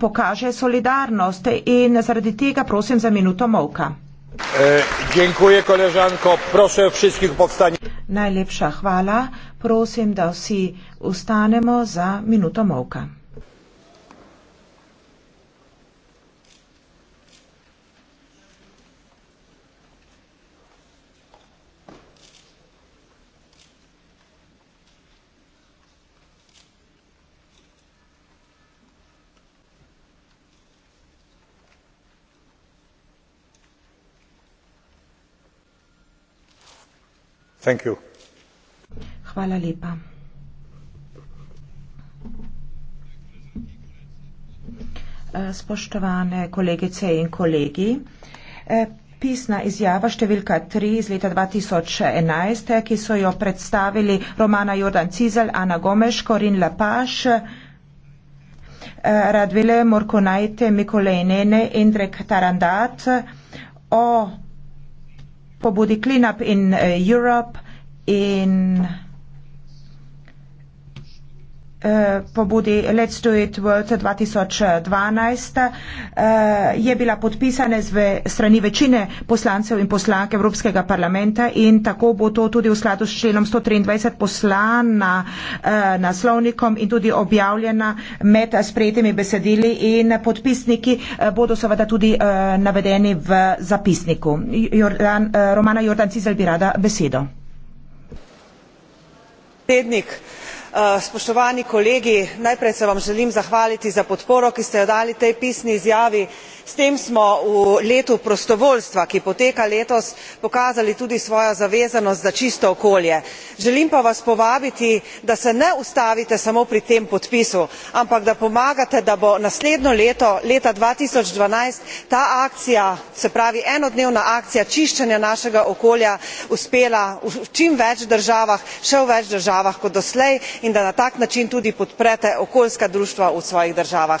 pokaže solidarnost in zaradi tega prosim za minuto molka. E, dziękuję koleżanko, proszę wszystkich powstanie. Najlepsza chwala, prosim da wsi ustanemo za minuto molka. Hvala lepa. Eh, spoštovane kolegice in kolegi. Eh, pisna izjava številka tri iz leta 2011, ki so jo predstavili Romana Jordan Cizel, Ana Gomeš, Korin Lapaš, eh, Radvile Morkonajte, Mikolej Nene, Indrek Tarandat o pa bodi Cleanup in eh, Europe in Eh, pobudi Let's Do It v 2012 eh, je bila podpisana z strani večine poslancev in poslank Evropskega parlamenta in tako bo to tudi v skladu s členom 123 poslana eh, naslovnikom in tudi objavljena med sprejetimi besedili in podpisniki bodo seveda tudi navedeni v zapisniku. Jordan, Romana Jordan Cizel bi rada besedo. Tednik. Eh, spoštovani kolegi najprej se vam želim zahvaliti za podporo ki ste jo dali tej pisni izjavi s tem smo v letu prostovoljstva ki poteka letos pokazali tudi svojo zavezanost za čisto okolje. želim pa vas povabiti da se ne ustavite samo pri tem podpisu ampak da pomagate da bo naslednje leto leta dva tisoč dvanajst ta akcija se pravi enodnevna akcija čiščenja našega okolja uspela v čim več državah še v več državah kot doslej in da na tak način tudi podprete okoljska društva v svojih državah.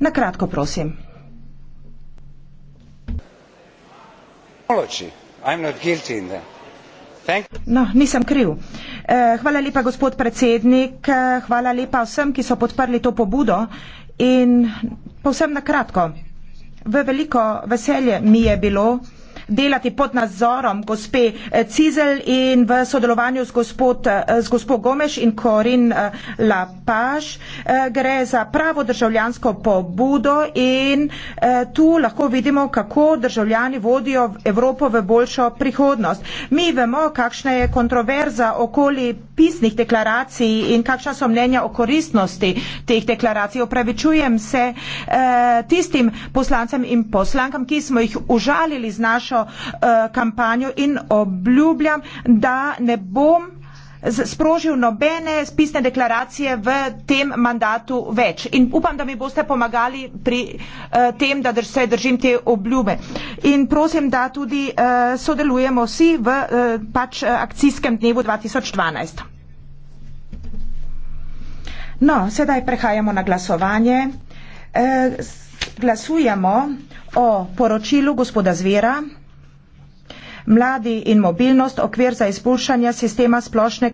Na kratko, prosim. No, nisem kriv. Eh, hvala lepa, gospod predsednik, eh, hvala lepa vsem, ki so podprli to pobudo in povsem na kratko. V veliko veselje mi je bilo, delati pod nadzorom gospe eh, Cizel in v sodelovanju z gospod, eh, z gospod Gomeš in Korin eh, Lapaš. Gre za pravo državljansko pobudo in tu lahko vidimo, kako državljani vodijo Evropo v boljšo prihodnost. Mi vemo, kakšna je kontroverza okoli pisnih deklaracij in kakšna so mnenja o koristnosti teh deklaracij. Opravičujem se tistim poslancem in poslankam, ki smo jih užalili z našo Eh, kampanjo in obljubljam, da ne bom sprožil nobene spisne deklaracije v tem mandatu več. In upam, da mi boste pomagali pri uh, tem, da drž, se držim te obljube. In prosim, da tudi uh, sodelujemo vsi v uh, pač, uh, akcijskem dnevu 2012. No, sedaj prehajamo na glasovanje. Uh, glasujemo o poročilu gospoda Zvera mladi in mobilnost, okvir za izboljšanje sistema splošne